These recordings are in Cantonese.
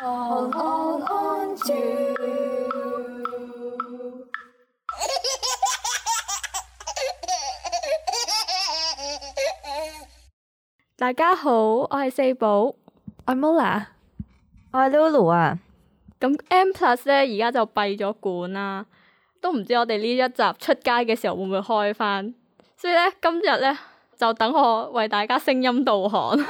All, all, 大家好，我係四寶，我係 Mola，我係 Lulu 啊。咁 M+ 呢，而家就閉咗館啦，都唔知我哋呢一集出街嘅時候會唔會開返。所以咧，今日咧，就等我為大家聲音導航。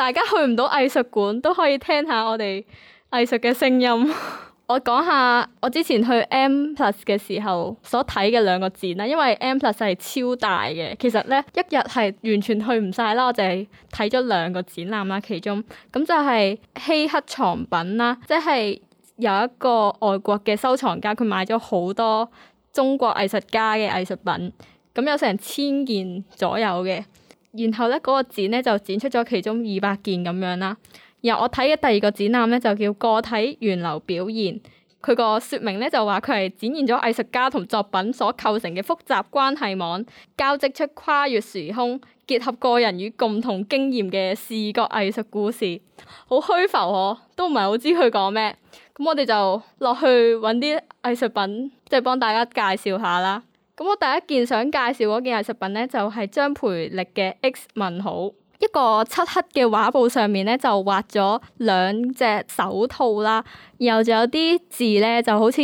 大家去唔到藝術館，都可以聽下我哋藝術嘅聲音。 我講下我之前去 M+ 嘅時候所睇嘅兩個展啦，因為 M+ 係超大嘅，其實咧一日係完全去唔晒啦。我就係睇咗兩個展覽啦，其中咁就係希克藏品啦，即係有一個外國嘅收藏家，佢買咗好多中國藝術家嘅藝術品，咁有成千件左右嘅。然後咧，嗰個展咧就展出咗其中二百件咁樣啦。然後我睇嘅第二個展覽咧就叫個體源流表現，佢個説明咧就話佢係展現咗藝術家同作品所構成嘅複雜關係網，交織出跨越時空、結合個人與共同經驗嘅視覺藝術故事。好虛浮哦，都唔係好知佢講咩。咁我哋就落去揾啲藝術品，即係幫大家介紹下啦。咁我第一件想介紹嗰件藝術品咧，就係、是、張培力嘅 X 問號，一個漆黑嘅畫布上面咧就畫咗兩隻手套啦，然後就有啲字咧就好似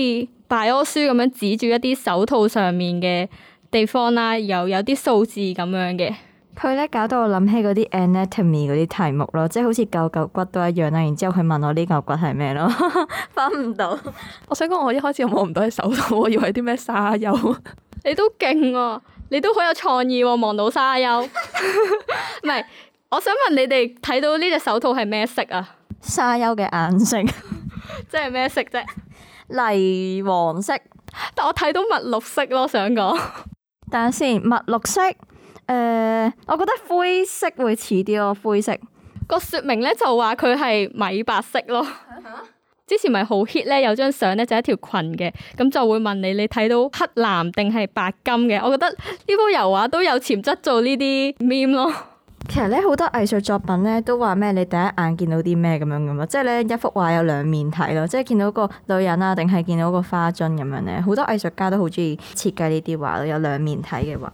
百科書咁樣指住一啲手套上面嘅地方啦，又有啲數字咁樣嘅。佢咧，搞到我諗起嗰啲 anatomy 嗰啲題目咯，即係好似嚿嚿骨都一樣啦。然之後佢問我呢嚿骨係咩咯？分唔到。 我想講我一開始我望唔到隻手套，我以為啲咩沙丘。 你都勁喎，你都好有創意喎，啊，望到沙丘。唔 係，我想問你哋睇到呢隻手套係咩色啊？沙丘嘅顏色？ 即係咩色啫？泥黃色，但我睇到墨綠色咯，想講。 等下先，墨綠色。誒、呃，我覺得灰色會似啲咯，灰色。個説明咧就話佢係米白色咯。Uh huh. 之前咪好 hit 咧，有張相咧就一條裙嘅，咁就會問你你睇到黑藍定係白金嘅？我覺得呢幅油畫都有潛質做呢啲 meme 咯。其實咧好多藝術作品咧都話咩你第一眼見到啲咩咁樣噶嘛，即係咧一幅畫有兩面睇咯，即係見到個女人啊定係見到個花樽咁樣咧，好多藝術家都好中意設計呢啲畫，有兩面睇嘅畫。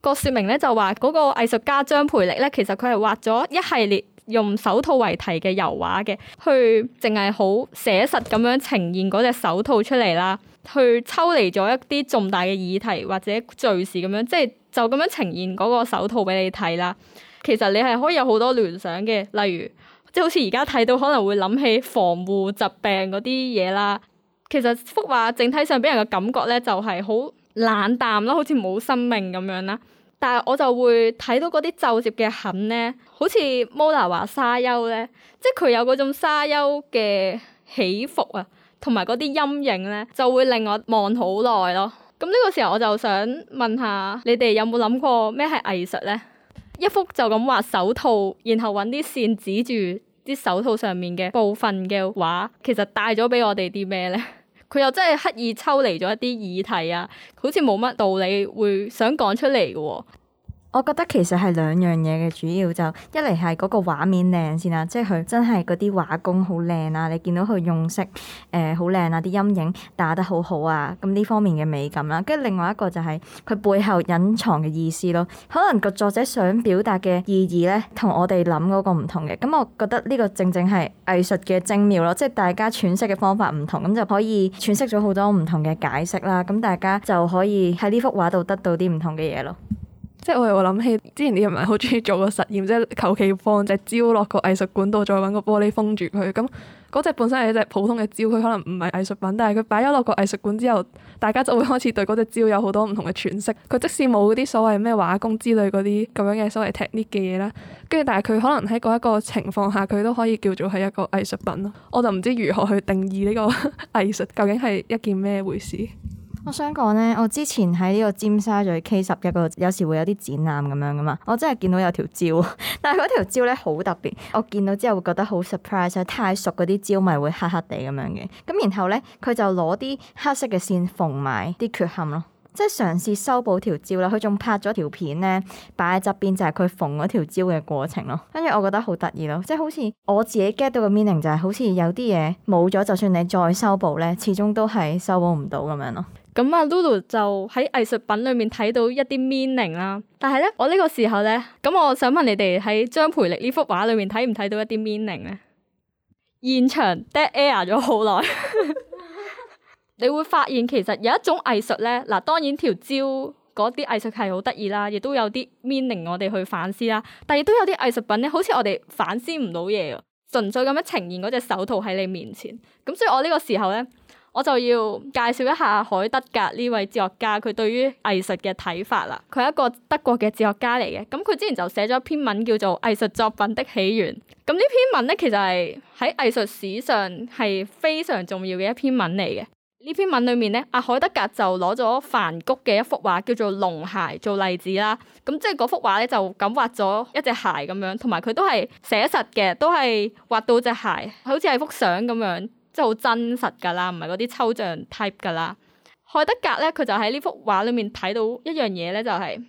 個說明咧就話嗰個藝術家張培力咧，其實佢係畫咗一系列。用手套為題嘅油畫嘅，去淨係好寫實咁樣呈現嗰隻手套出嚟啦，去抽離咗一啲重大嘅議題或者敘事咁樣，即係就咁樣呈現嗰個手套俾你睇啦。其實你係可以有好多聯想嘅，例如即係好似而家睇到可能會諗起防護疾病嗰啲嘢啦。其實幅畫整體上俾人嘅感覺咧，就係好冷淡咯，好似冇生命咁樣啦。但係我就會睇到嗰啲皺折嘅痕咧，好似 Mola 畫沙丘咧，即係佢有嗰種沙丘嘅起伏啊，同埋嗰啲陰影咧，就會令我望好耐咯。咁、這、呢個時候我就想問下你哋有冇諗過咩係藝術咧？一幅就咁畫手套，然後揾啲線指住啲手套上面嘅部分嘅畫，其實帶咗俾我哋啲咩咧？佢又真係刻意抽離咗一啲議題啊，好似冇乜道理會想講出嚟嘅喎。我覺得其實係兩樣嘢嘅，主要就一嚟係嗰個畫面靚先啦，即係佢真係嗰啲畫工好靚啊，你見到佢用色誒好靚啊，啲、呃、陰影打得好好啊，咁呢方面嘅美感啦，跟住另外一個就係佢背後隱藏嘅意思咯，可能個作者想表達嘅意義呢，我同我哋諗嗰個唔同嘅，咁我覺得呢個正正係藝術嘅精妙咯，即係大家詮釋嘅方法唔同，咁就可以詮釋咗好多唔同嘅解釋啦，咁大家就可以喺呢幅畫度得到啲唔同嘅嘢咯。即係我又諗起之前啲人咪好中意做個實驗，即係求其放隻蕉落個藝術館度，再揾個玻璃封住佢。咁嗰隻本身係一隻普通嘅蕉，佢可能唔係藝術品，但係佢擺咗落個藝術館之後，大家就會開始對嗰隻蕉有好多唔同嘅詮釋。佢即使冇嗰啲所謂咩畫工之類嗰啲咁樣嘅所謂 technique 嘅嘢啦，跟住但係佢可能喺嗰一個情況下，佢都可以叫做係一個藝術品咯。我就唔知如何去定義呢個 藝術究竟係一件咩回事。我想講呢，我之前喺呢個尖沙咀 K 十一個有時會有啲展覽咁樣噶嘛，我真係見到有條蕉， 但係嗰條蕉呢好特別，我見到之後會覺得好 surprise，太熟嗰啲蕉咪會黑黑地咁樣嘅，咁然後呢，佢就攞啲黑色嘅線縫埋啲缺陷咯，即係嘗試修補條蕉啦。佢仲拍咗條片呢，擺喺側邊就係佢縫嗰條蕉嘅過程咯。跟住我覺得好得意咯，即係好似我自己 get 到個 meaning 就係、是、好似有啲嘢冇咗，就算你再修補呢，始終都係修補唔到咁樣咯。咁啊，Lulu 就喺藝術品裏面睇到一啲 meaning 啦。但係咧，我呢個時候咧，咁我想問你哋喺張培力呢幅畫裏面睇唔睇到一啲 meaning 咧？現場 dead air 咗好耐，你會發現其實有一種藝術咧，嗱，當然條蕉嗰啲藝術係好得意啦，亦都有啲 meaning 我哋去反思啦。但亦都有啲藝術品咧，好似我哋反思唔到嘢嘅，純粹咁樣呈現嗰隻手套喺你面前。咁所以我呢個時候咧。我就要介紹一下海德格呢位哲學家，佢對於藝術嘅睇法啦。佢係一個德國嘅哲學家嚟嘅，咁佢之前就寫咗一篇文叫做《藝術作品的起源》。咁呢篇文咧，其實係喺藝術史上係非常重要嘅一篇文嚟嘅。呢篇文裏面咧，阿海德格就攞咗梵谷嘅一幅畫叫做《農鞋》做例子啦。咁即係嗰幅畫咧就咁畫咗一隻鞋咁樣，同埋佢都係寫實嘅，都係畫到隻鞋，好似係幅相咁樣。即係好真實㗎啦，唔係嗰啲抽象 type 㗎啦。海德格咧，佢就喺呢幅畫裏面睇到一樣嘢咧，就係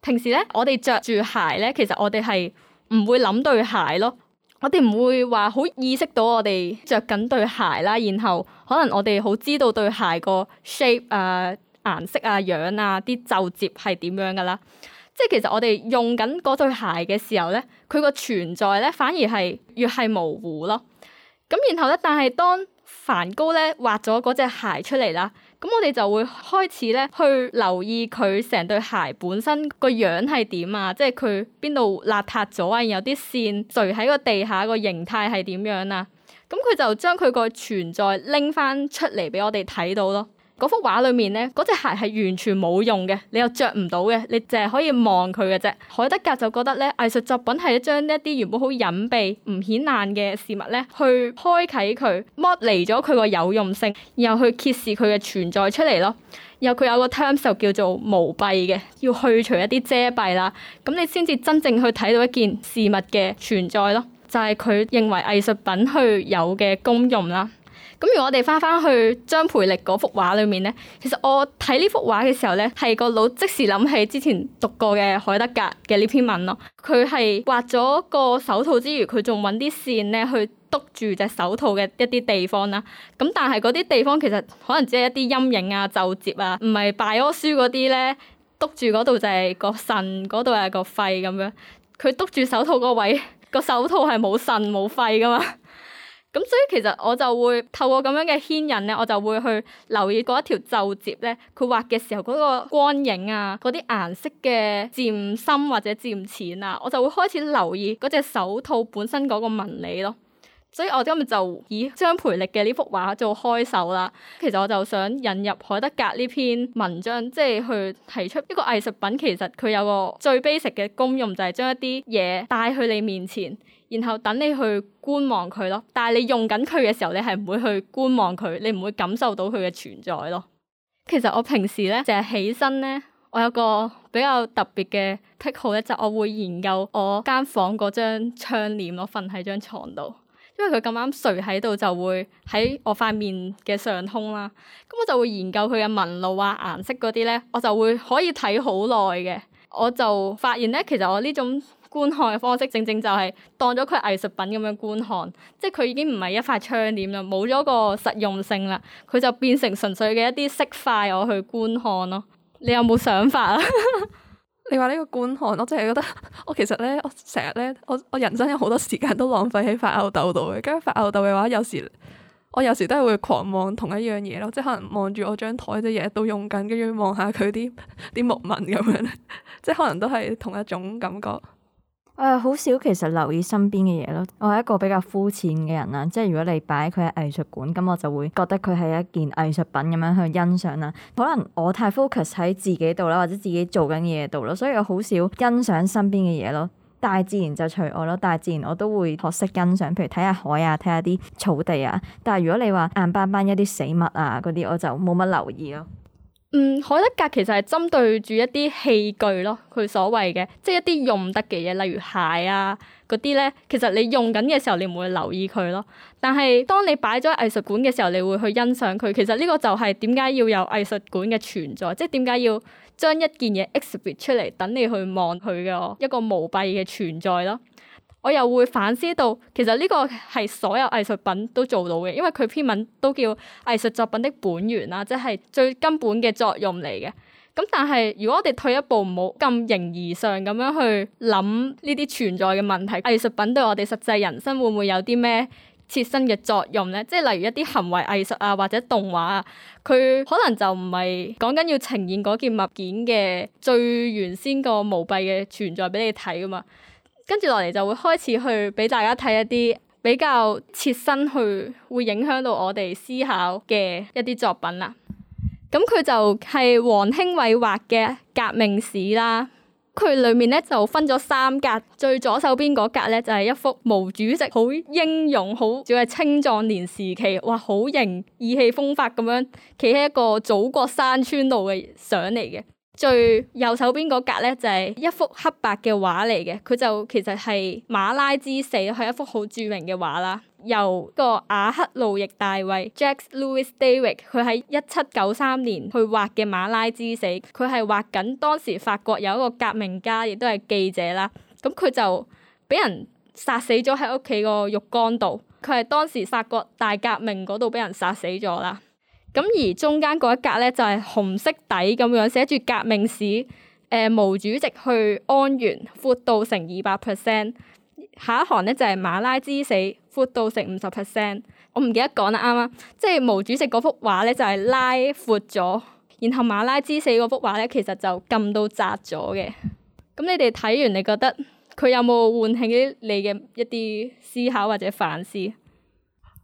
平時咧，我哋著住鞋咧，其實我哋係唔會諗對鞋咯，我哋唔會話好意識到我哋着緊對鞋啦。然後可能我哋好知道對鞋個 shape 啊、呃、顏色啊、樣啊、啲皺褶係點樣㗎啦。即係其實我哋用緊嗰對鞋嘅時候咧，佢個存在咧反而係越係模糊咯。咁然後咧，但係當梵高咧畫咗嗰隻鞋出嚟啦，咁我哋就會開始咧去留意佢成對鞋本身個樣係點啊，即係佢邊度邋遢咗啊，然後啲線垂喺個地下個形態係點樣啊，咁佢就將佢個存在拎翻出嚟俾我哋睇到咯。嗰幅畫裏面咧，嗰隻鞋係完全冇用嘅，你又着唔到嘅，你淨係可以望佢嘅啫。海德格就覺得咧，藝術作品係將一啲原本好隱蔽、唔顯眼嘅事物咧，去開啟佢，剝離咗佢個有用性，然後去揭示佢嘅存在出嚟咯。然後佢有個 term 就叫做無蔽嘅，要去除一啲遮蔽啦，咁你先至真正去睇到一件事物嘅存在咯，就係佢認為藝術品去有嘅功用啦。咁而我哋翻翻去張培力嗰幅畫裏面呢，其實我睇呢幅畫嘅時候呢，係個腦即時諗起之前讀過嘅海德格嘅呢篇文咯。佢係畫咗個手套之餘，佢仲揾啲線呢去篤住隻手套嘅一啲地方啦。咁但係嗰啲地方其實可能只係一啲陰影啊、皺褶啊，唔係拜科書嗰啲呢。篤住嗰度就係個腎，嗰度係個肺咁樣。佢篤住手套嗰位，個手套係冇腎冇肺噶嘛。咁所以其實我就會透過咁樣嘅牽引咧，我就會去留意嗰一條皺褶咧，佢畫嘅時候嗰個光影啊，嗰啲顏色嘅漸深或者漸淺啊，我就會開始留意嗰隻手套本身嗰個紋理咯。所以我今日就以張培力嘅呢幅畫做開手啦。其實我就想引入海德格呢篇文章，即係去提出一個藝術品其實佢有個最 basic 嘅功用，就係將一啲嘢帶去你面前。然後等你去觀望佢咯，但係你用緊佢嘅時候，你係唔會去觀望佢，你唔會感受到佢嘅存在咯。其實我平時咧淨係起身咧，我有個比較特別嘅癖好咧，就係我會研究我間房嗰張窗簾咯，瞓喺張床度，因為佢咁啱垂喺度就會喺我塊面嘅上空啦。咁我就會研究佢嘅紋路啊、顏色嗰啲咧，我就會可以睇好耐嘅。我就發現咧，其實我呢種觀看嘅方式，正正就係、是、當咗佢藝術品咁樣觀看，即係佢已經唔係一塊窗簾啦，冇咗個實用性啦，佢就變成純粹嘅一啲色塊，我去觀看咯。你有冇想法啊？你話呢個觀看，我真係覺得，我其實咧，我成日咧，我我人生有好多時間都浪費喺發吽豆度嘅，跟住發吽豆嘅話，有時我有時都係會狂望同一樣嘢咯，即係可能望住我張枱啲嘢都用緊，跟住望下佢啲啲木紋咁樣， 即係可能都係同一種感覺。誒，好少其實留意身邊嘅嘢咯。我係一個比較膚淺嘅人啦，即係如果你擺佢喺藝術館，咁我就會覺得佢係一件藝術品咁樣去欣賞啦。可能我太 focus 喺自己度啦，或者自己做緊嘢度咯，所以我好少欣賞身邊嘅嘢咯。大自然就除外咯，大自然我都會學識欣賞，譬如睇下海啊，睇下啲草地啊。但係如果你話硬邦邦一啲死物啊嗰啲，我就冇乜留意咯。嗯，海德格其實係針對住一啲器具咯，佢所謂嘅，即係一啲用得嘅嘢，例如鞋啊嗰啲咧，其實你用緊嘅時候你唔會留意佢咯。但係當你擺咗喺藝術館嘅時候，你會去欣賞佢。其實呢個就係點解要有藝術館嘅存在，即係點解要將一件嘢 exhibit 出嚟等你去望佢嘅一個無蔽嘅存在咯。我又會反思到，其實呢個係所有藝術品都做到嘅，因為佢篇文都叫藝術作品的本源啦，即係最根本嘅作用嚟嘅。咁但係如果我哋退一步，唔好咁形而上咁樣去諗呢啲存在嘅問題，藝術品對我哋實際人生會唔會有啲咩切身嘅作用咧？即係例如一啲行為藝術啊，或者動畫啊，佢可能就唔係講緊要呈現嗰件物件嘅最原先個無蔽嘅存在俾你睇㗎嘛。跟住落嚟就會開始去俾大家睇一啲比較切身去會影響到我哋思考嘅一啲作品啦。咁、嗯、佢就係王興偉畫嘅《革命史》啦。佢裏面咧就分咗三格，最左手邊嗰格咧就係、是、一幅毛主席好英勇、好仲係青壯年時期，哇好型、意氣風發咁樣企喺一個祖國山川度嘅相嚟嘅。最右手邊嗰格咧就係一幅黑白嘅畫嚟嘅，佢就其實係馬拉之死，係一幅好著名嘅畫啦。由個雅克路易大衛 j a c k s Louis David） 佢喺一七九三年去畫嘅馬拉之死，佢係畫緊當時法國有一個革命家，亦都係記者啦。咁佢就俾人殺死咗喺屋企個浴缸度，佢係當時法國大革命嗰度俾人殺死咗啦。咁而中間嗰一格咧就係紅色底咁樣寫住革命史，誒毛主席去安源，闊到成二百 percent。下一行咧就係馬拉之死，闊到成五十 percent。我唔記得講得啱啱，即係毛主席嗰幅畫咧就係拉闊咗，然後馬拉之死嗰幅畫咧其實就撳到窄咗嘅。咁你哋睇完，你覺得佢有冇喚起你嘅一啲思考或者反思？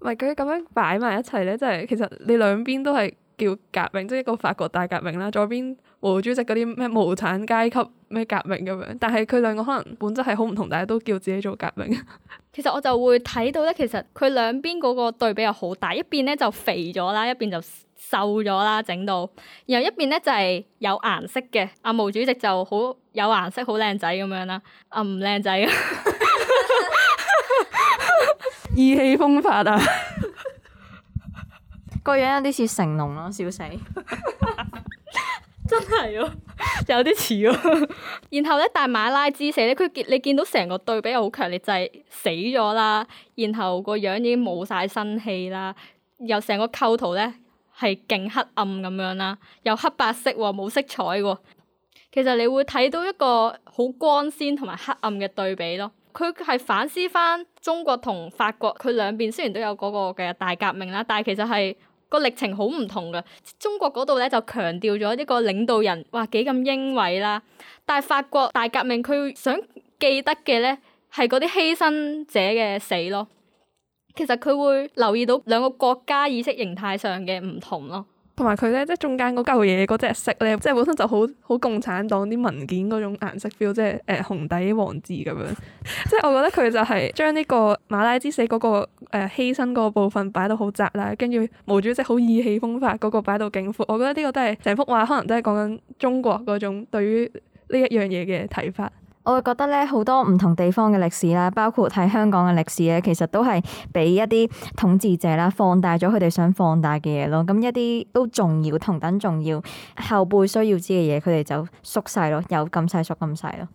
唔係佢咁樣擺埋一齊咧，即係其實你兩邊都係叫革命，即係一個法國大革命啦，左邊毛主席嗰啲咩無產階級咩革命咁樣，但係佢兩個可能本質係好唔同，大家都叫自己做革命。其實我就會睇到咧，其實佢兩邊嗰個對比又好大，一邊咧就肥咗啦，一邊就瘦咗啦，整到。然後一邊咧就係有顏色嘅，阿毛主席就好有顏色，好靚仔咁樣啦。啊唔靚仔。 意氣風發啊！個樣 有啲似成龍咯，笑死！真係咯，有啲似咯。然後咧，大馬拉之死咧，佢見你見到成個對比又好強烈，就係、是、死咗啦。然後個樣已經冇晒生氣啦，又成個構圖咧係勁黑暗咁樣啦，又黑白色喎，冇色彩喎。其實你會睇到一個好光鮮同埋黑暗嘅對比咯。佢係反思翻。中國同法國佢兩邊雖然都有嗰個嘅大革命啦，但係其實係個歷程好唔同㗎。中國嗰度咧就強調咗一個領導人，哇幾咁英偉啦！但係法國大革命佢想記得嘅咧係嗰啲犧牲者嘅死咯。其實佢會留意到兩個國家意識形態上嘅唔同咯。同埋佢咧，即中間嗰嚿嘢嗰隻色咧，即本身就好好共產黨啲文件嗰種顏色 feel，即係誒、呃、紅底黃字咁樣。即我覺得佢就係將呢個馬拉之死嗰、嗰個誒、呃、犧牲嗰部分擺到好窄啦，跟住毛主席好意氣風發嗰個擺到勁闊。我覺得呢個都係成幅畫可能都係講緊中國嗰種對於呢一樣嘢嘅睇法。我會覺得咧，好多唔同地方嘅歷史啦，包括喺香港嘅歷史咧，其實都係俾一啲統治者啦放大咗佢哋想放大嘅嘢咯。咁一啲都重要，同等重要，後輩需要知嘅嘢，佢哋就縮細咯，有咁細縮咁細咯。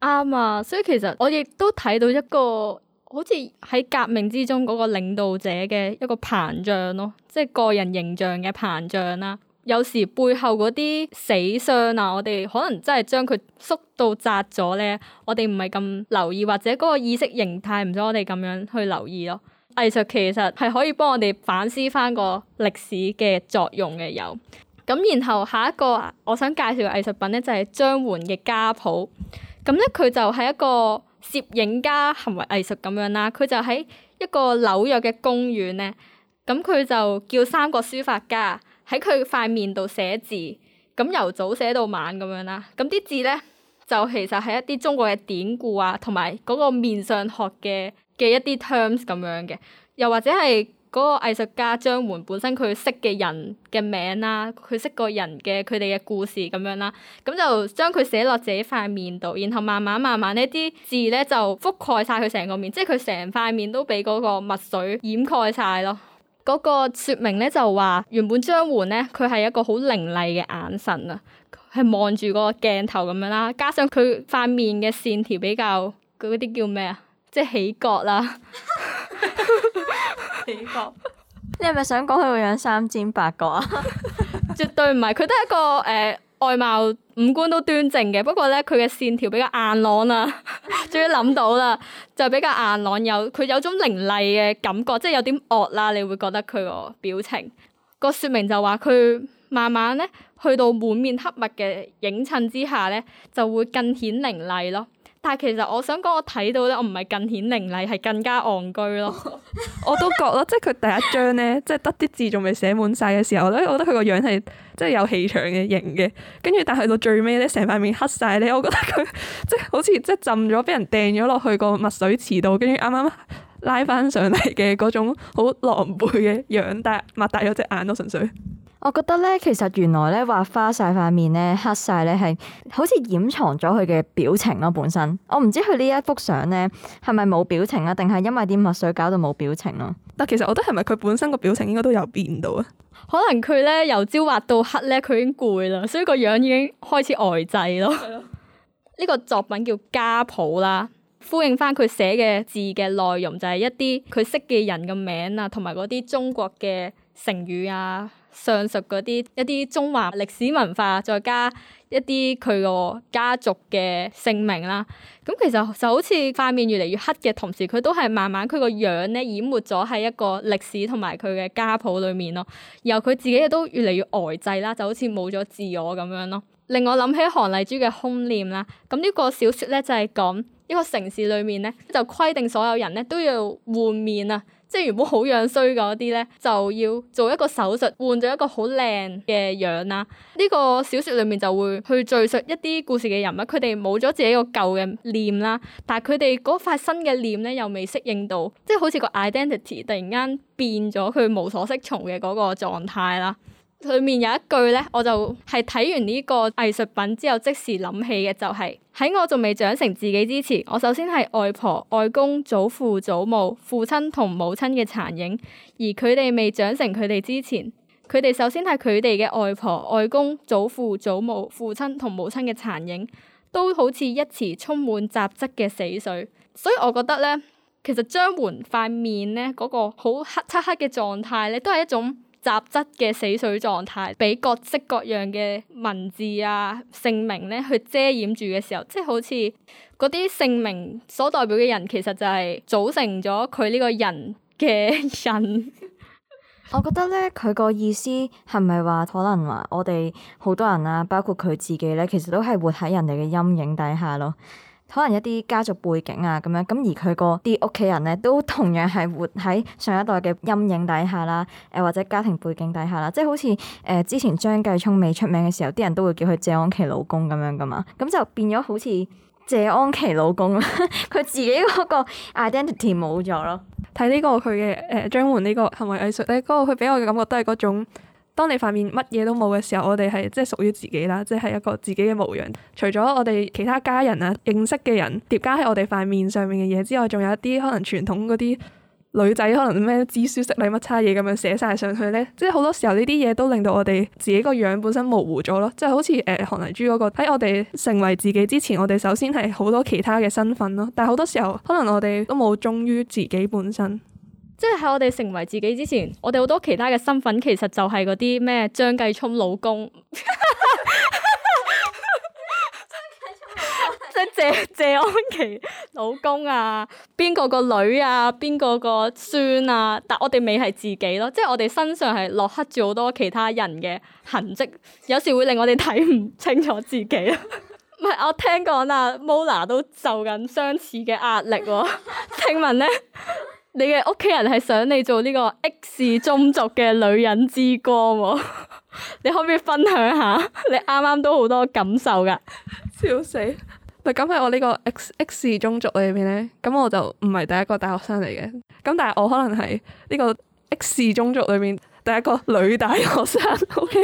啱啊，所以其實我亦都睇到一個好似喺革命之中嗰個領導者嘅一個膨脹咯，即係個人形象嘅膨脹啦。有時背後嗰啲死傷啊，我哋可能真係將佢縮到窄咗咧。我哋唔係咁留意，或者嗰個意識形態唔使我哋咁樣去留意咯。藝術其實係可以幫我哋反思返個歷史嘅作用嘅有。咁然後下一個我想介紹嘅藝術品咧就係、是、張洹嘅家譜。咁咧佢就係一個攝影家行為藝術咁樣啦。佢就喺一個紐約嘅公園咧。咁佢就叫三個書法家。喺佢塊面度寫字，咁由早寫到晚咁樣啦。咁啲字咧就其實係一啲中國嘅典故啊，同埋嗰個面上學嘅嘅一啲 terms 咁樣嘅，又或者係嗰個藝術家張洹本身佢識嘅人嘅名啦、啊，佢識個人嘅佢哋嘅故事咁樣啦。咁就將佢寫落自己塊面度，然後慢慢慢慢呢啲字咧就覆蓋晒佢成個面，即係佢成塊面都俾嗰個墨水掩蓋晒咯。嗰個説明咧就話，原本張洹咧佢係一個好凌厲嘅眼神啊，係望住個鏡頭咁樣啦，加上佢塊面嘅線條比較嗰啲叫咩啊？即係起角啦，起角！你係咪想講佢個樣三尖八角啊？ 絕對唔係，佢都係一個誒。呃外貌五官都端正嘅，不過咧佢嘅線條比較硬朗啦， 終於諗到啦，就比較硬朗，有佢有種凌厲嘅感覺，即係有啲惡啦，你會覺得佢個表情。個説明就話佢慢慢咧去到滿面黑墨嘅影襯之下咧，就會更顯凌厲咯。但係其實我想講，我睇到咧，我唔係更顯凌厲，係更加戇居咯。 我都覺咯，即係佢第一張咧，即係得啲字仲未寫滿晒嘅時候咧，我覺得佢個樣係即係有氣場嘅型嘅。跟住但係到最尾咧，成塊面黑晒咧，我覺得佢即係好似即係浸咗，俾人掟咗落去個墨水池度，跟住啱啱拉翻上嚟嘅嗰種好狼狽嘅樣，但係擘大咗隻眼咯，純粹。我覺得咧，其實原來咧畫花曬塊面咧，黑晒咧，係好似掩藏咗佢嘅表情咯。本身我唔知佢呢一幅相咧係咪冇表情啊，定係因為啲墨水搞到冇表情咯？但其實我覺得係咪佢本身個表情應該都有變到啊？可能佢咧由朝畫到黑咧，佢已經攰啦，所以個樣已經開始呆滯咯。呢 個作品叫家譜啦，呼應翻佢寫嘅字嘅內容，就係、是、一啲佢識嘅人嘅名啊，同埋嗰啲中國嘅成語啊。上述嗰啲一啲中華歷史文化，再加一啲佢個家族嘅姓名啦。咁其實就好似塊面越嚟越黑嘅同時，佢都係慢慢佢個樣咧淹沒咗喺一個歷史同埋佢嘅家譜裏面咯。然後佢自己亦都越嚟越呆滯啦，就好似冇咗自我咁樣咯。令我諗起韓麗珠嘅《空臉》啦。咁呢個小說咧就係講一個城市裏面咧就規定所有人咧都要換面啊。即係原本好樣衰嗰啲咧，就要做一個手術換做一個好靚嘅樣啦。呢、這個小説裡面就會去敍述一啲故事嘅人物，佢哋冇咗自己個舊嘅臉啦，但係佢哋嗰塊新嘅臉咧又未適應到，即係好似個 identity 突然間變咗，佢無所適從嘅嗰個狀態啦。裏面有一句咧，我就係睇完呢個藝術品之後，即時諗起嘅就係、是、喺我仲未長成自己之前，我首先係外婆、外公、祖父、祖母、父親同母親嘅殘影；而佢哋未長成佢哋之前，佢哋首先係佢哋嘅外婆、外公、祖父、祖母、父親同母親嘅殘影，都好似一池充滿雜質嘅死水。所以我覺得咧，其實張洹塊面咧嗰、那個好黑漆黑嘅狀態咧，都係一種。雜質嘅死水狀態，俾各式各樣嘅文字啊、姓名咧去遮掩住嘅時候，即係好似嗰啲姓名所代表嘅人，其實就係組成咗佢呢個人嘅人。 我覺得咧，佢個意思係咪話可能話我哋好多人啊，包括佢自己咧，其實都係活喺人哋嘅陰影底下咯。可能一啲家族背景啊，咁樣咁而佢個啲屋企人咧，都同樣係活喺上一代嘅陰影底下啦，誒、呃、或者家庭背景底下啦，即係好似誒、呃、之前張繼聰未出名嘅時候，啲人都會叫佢謝安琪老公咁樣噶嘛，咁就變咗好似謝安琪老公，佢 自己嗰個 identity 冇咗咯。睇呢，這個佢嘅誒，張洹呢個行為藝術咧，嗰個佢俾我嘅感覺都係嗰種。當你塊面乜嘢都冇嘅時候，我哋係即係屬於自己啦，即係一個自己嘅模樣。除咗我哋其他家人啊、認識嘅人疊加喺我哋塊面上面嘅嘢之外，仲有一啲可能傳統嗰啲女仔可能咩知書識禮乜叉嘢咁樣寫晒上去咧。即係好多時候呢啲嘢都令到我哋自己個樣本身模糊咗咯。即係好似誒韓麗珠嗰個喺我哋成為自己之前，我哋首先係好多其他嘅身份咯。但係好多時候可能我哋都冇忠於自己本身。即係喺我哋成為自己之前，我哋好多其他嘅身份，其實就係嗰啲咩張繼聰老公， 即係謝謝安琪老公啊，邊個個女啊，邊個個孫啊，但我哋未係自己咯，即係我哋身上係落黑住好多其他人嘅痕迹，有時會令我哋睇唔清楚自己咯。唔 係，我聽講啊，Mola 都受緊相似嘅壓力喎，聽聞咧。 你嘅屋企人係想你做呢個 X 氏宗族嘅女人之光喎， 你可唔可以分享下？你啱啱都好多感受噶，笑死！咪咁喺我呢個 X X 氏宗族裏面咧，咁我就唔係第一個大學生嚟嘅，咁但係我可能係呢個 X 氏宗族裏面第一個女大學生，OK，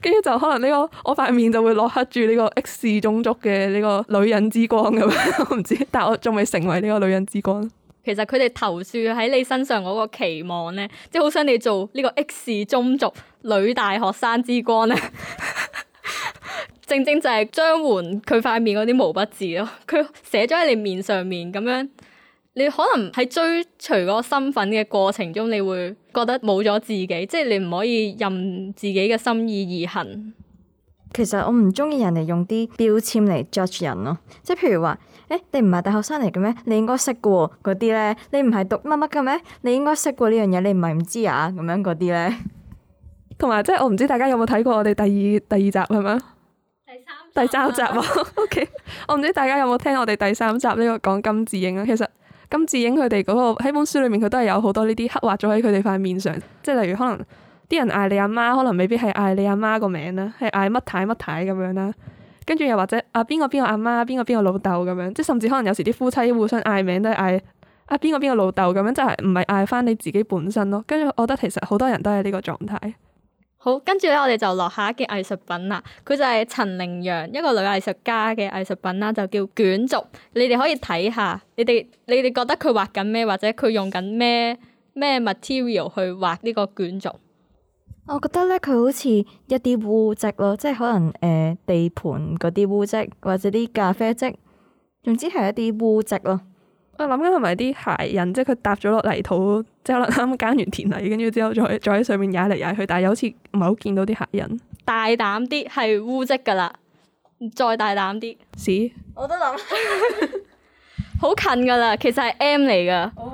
跟住 就可能呢、這個我塊面就會落黑住呢個 X 氏宗族嘅呢個女人之光咁，我唔知，但係我仲未成為呢個女人之光。其實佢哋投射喺你身上嗰個期望咧，即係好想你做呢個 X 氏宗族女大學生之光咧。 正正就係張洹佢塊面嗰啲毛筆字咯，佢寫咗喺你面上面咁樣。你可能喺追隨嗰個身份嘅過程中，你會覺得冇咗自己，即係你唔可以任自己嘅心意而行。其實我唔中意人哋用啲標籤嚟 judge 人咯，即係譬如話。誒、欸，你唔係大學生嚟嘅咩？你應該識嘅喎，嗰啲咧。你唔係讀乜乜嘅咩？你應該識過呢樣嘢，你唔係唔知啊？咁樣嗰啲咧，同埋即係我唔知大家有冇睇過我哋第二第二集係咪？3 第三第三集啊集 ，OK。我唔知大家有冇聽我哋第三集呢、呢個講金智英啊。其實金智英佢哋嗰個喺本書裏面，佢都係有好多呢啲刻畫咗喺佢哋塊面上，即係例如可能啲人嗌你阿媽，媽，可能未必係嗌你阿媽個名啦，係嗌乜太乜太咁樣啦。跟住又或者啊邊個邊個阿媽,媽，邊個邊個老豆咁樣，即甚至可能有時啲夫妻互相嗌名都係嗌啊邊個邊個老豆咁樣，即係唔係嗌翻你自己本身咯。跟住我覺得其實好多人都係呢個狀態。好，跟住咧我哋就落下一件藝,藝術品啦，佢就係陳羚羊一個女藝術家嘅藝術品啦，就叫卷軸。你哋可以睇下，你哋你哋覺得佢畫緊咩，或者佢用緊咩咩 material 去畫呢個卷軸。我覺得咧佢好似一啲污漬咯，即係可能誒、呃、地盤嗰啲污漬，或者啲咖啡漬，總之係一啲污漬咯。我諗緊係咪啲鞋印，即係佢踏咗落泥土，即係可能啱啱耕完田泥，跟住之後再再喺上面踩嚟踩去，但係又好似唔係好見到啲鞋印，大膽啲，係污漬噶啦，再大膽啲。屎是。我都諗。好近噶啦，其實係 M 嚟噶。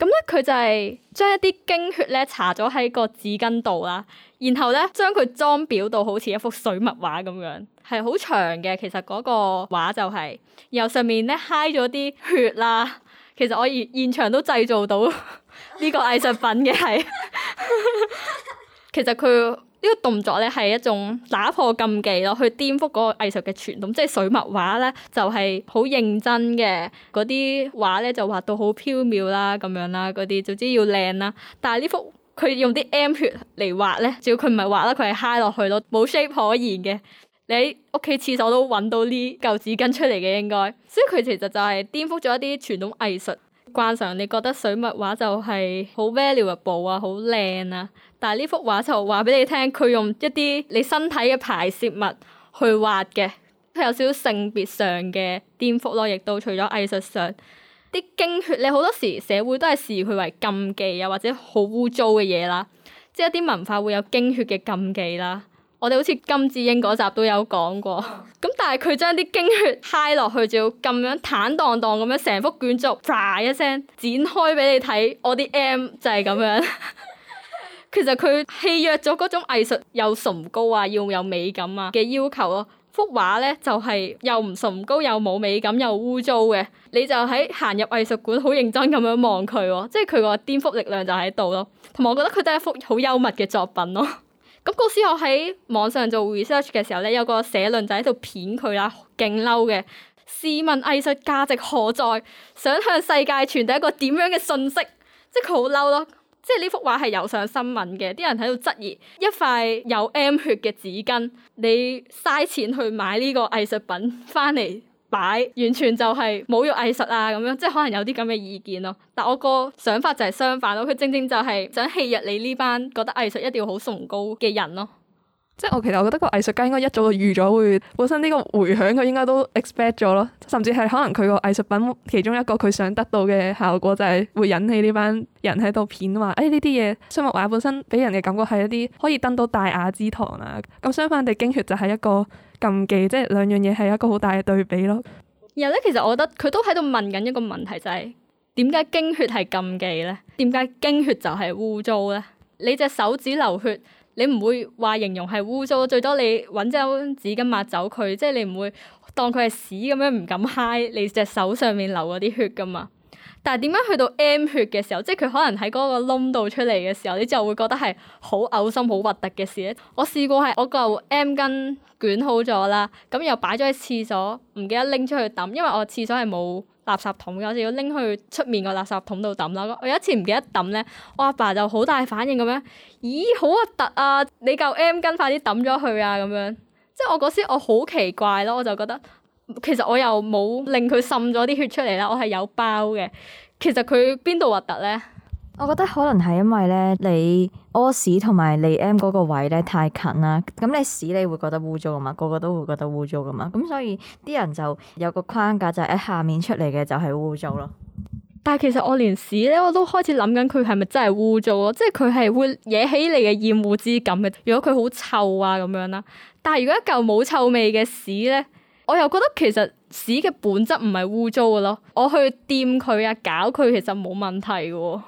咁咧，佢、嗯、就係將一啲經血咧，擦咗喺個紙巾度啦，然後咧將佢裝裱到好似一幅水墨畫咁樣，係好長嘅。其實嗰個畫就係、是，然後上面咧揩咗啲血啦。其實我現現場都製造到呢 個藝術品嘅係，其實佢。呢個動作咧係一種打破禁忌咯，去顛覆嗰個藝術嘅傳統，即係水墨畫咧就係好認真嘅，嗰啲畫咧就畫到好飄渺啦，咁樣啦，嗰啲，總之要靚啦。但係呢幅佢用啲 M 血嚟畫咧，仲要佢唔係畫啦，佢係揩落去咯，冇 shape 可言嘅。你屋企廁所都揾到呢嚿紙巾出嚟嘅應該，所以佢其實就係顛覆咗一啲傳統藝術。慣常你覺得水墨畫就係好 valuable 啊，好靚啊，但係呢幅畫就話俾你聽，佢用一啲你身體嘅排泄物去畫嘅，佢有少少性別上嘅顛覆咯，亦都除咗藝術上，啲經血你好多時社會都係視佢為禁忌啊，或者好污糟嘅嘢啦，即係一啲文化會有經血嘅禁忌啦。我哋好似金智英嗰集都有講過， 咁但係佢將啲經血揩落去，仲要咁樣坦蕩蕩咁樣成幅卷軸，唰一聲展開俾你睇。我啲 M 就係咁樣， 其實佢棄約咗嗰種藝術又崇高啊，要有美感啊嘅要求咯。幅畫咧就係、是、又唔崇高又冇美感又污糟嘅，你就喺行入藝術館好認真咁樣望佢喎，即係佢個顛覆力量就喺度咯。同埋我覺得佢都係一幅好幽默嘅作品咯。咁嗰時我喺網上做 research 嘅時候咧，有個社論就喺度片佢啦，勁嬲嘅。試問藝術價值何在？想向世界傳遞一個點樣嘅信息？即係佢好嬲咯。即係呢幅畫係有上新聞嘅，啲人喺度質疑一塊有 M 血嘅紙巾，你嘥錢去買呢個藝術品翻嚟。擺完全就係侮辱藝術啊，咁樣。即係可能有啲咁嘅意見咯。但我個想法就係相反咯，佢正正就係想欺入你呢班覺得藝術一定要好崇高嘅人咯。即係，我其實我覺得個藝術家應該一早就預咗會本身呢個迴響，佢應該都 expect 咗咯，甚至係可能佢個藝術品其中一個佢想得到嘅效果就係會引起呢班人喺度片話，哎呢啲嘢水墨畫本身俾人嘅感覺係一啲可以登到大雅之堂啦，啊，咁相反地經血就係一個禁忌，即係兩樣嘢係一個好大嘅對比咯。然後咧，其實我覺得佢都喺度問緊一個問題，就是，就係點解經血係禁忌咧？點解經血就係污糟咧？你隻手指流血，你唔會話形容係污糟，最多你揾張紙巾抹走佢，即係你唔會當佢係屎咁樣唔敢揩你隻手上面流嗰啲血㗎嘛。但係點樣去到 M 血嘅時候，即係佢可能喺嗰個窿度出嚟嘅時候，你就會覺得係好嘔心、好核突嘅事咧。我試過係我嚿 M 巾捲好咗啦，咁又擺咗喺廁所，唔記得拎出去抌，因為我廁所係冇垃圾桶嘅，就要拎去出面個垃圾桶度抌啦。我有一次唔記得抌咧，我阿爸，爸就好大反應咁樣，咦好核突啊！你嚿 M 巾快啲抌咗佢啊咁樣。即係我嗰時我好奇怪咯，我就覺得其實我又冇令佢滲咗啲血出嚟啦，我係有包嘅。其實佢邊度核突咧？我覺得可能係因為咧，你屙屎同埋你 M 嗰個位咧太近啦。咁你屎你會覺得污糟噶嘛？個個都會覺得污糟噶嘛？咁所以啲人就有個框架，就喺下面出嚟嘅就係污糟咯。但係其實我連屎咧，我都開始諗緊佢係咪真係污糟咯？即係佢係會惹起你嘅厭惡之感嘅。如果佢好臭啊咁樣啦，但係如果一嚿冇臭味嘅屎咧，我又覺得其實屎嘅本質唔係污糟噶咯。我去掂佢啊，搞佢其實冇問題喎。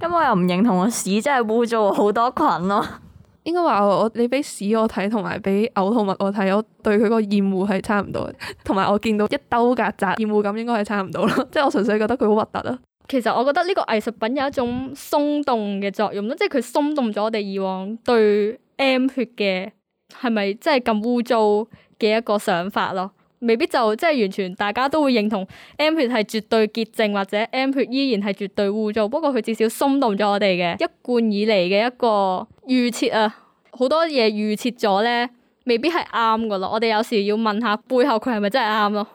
咁我又唔認同，我屎真係污糟好多菌咯。應該話我，我你俾屎我睇，同埋俾嘔吐物我睇，我對佢個厭惡係差唔多，同埋我見到一兜曱甴，厭惡感應該係差唔多咯。即係我純粹覺得佢好核突咯。其實我覺得呢個藝術品有一種鬆動嘅作用咯，即係佢鬆動咗我哋以往對 M 血嘅係咪即係咁污糟嘅一個想法咯。未必就即係完全，大家都會認同 M 血係絕對潔淨，或者 M 血依然係絕對污糟。不過佢至少鬆動咗我哋嘅一貫以嚟嘅一個預設啊，好多嘢預設咗呢，未必係啱噶咯。我哋有時要問下背後佢係咪真係啱咯。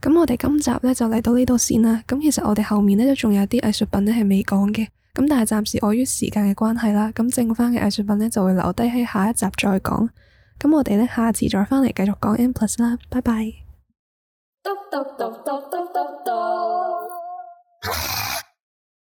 咁我哋今集呢，就嚟到呢度先啦。咁其實我哋後面呢，都仲有啲藝術品呢係未講嘅。咁但係暫時礙於時間嘅關係啦，咁剩翻嘅藝術品呢，就會留低喺下一集再講。咁我哋呢，下次再翻嚟繼續講 M+ 啦，拜拜。